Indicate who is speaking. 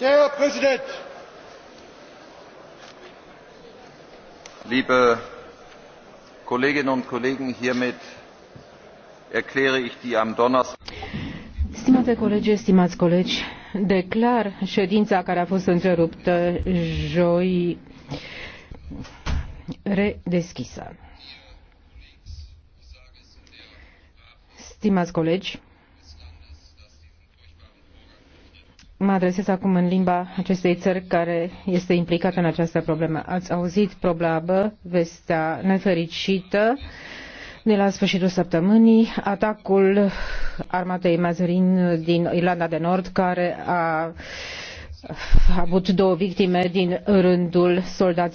Speaker 1: Herr Präsident!
Speaker 2: Liebe Kolleginnen und Kollegen, hiermit erkläre ich die am Donnerstag.
Speaker 3: Stimate colegi, stimați colegi, declar ședința care a fost întreruptă joi
Speaker 4: redeschisă. Stimați colegi,
Speaker 3: mă adresez acum în limba acestei țări care este implicată în această problemă. Ați auzit problemă, vestea nefericită de la sfârșitul săptămânii, atacul armatei Mazarin din Irlanda de Nord, care a avut două victime din rândul
Speaker 5: soldaților.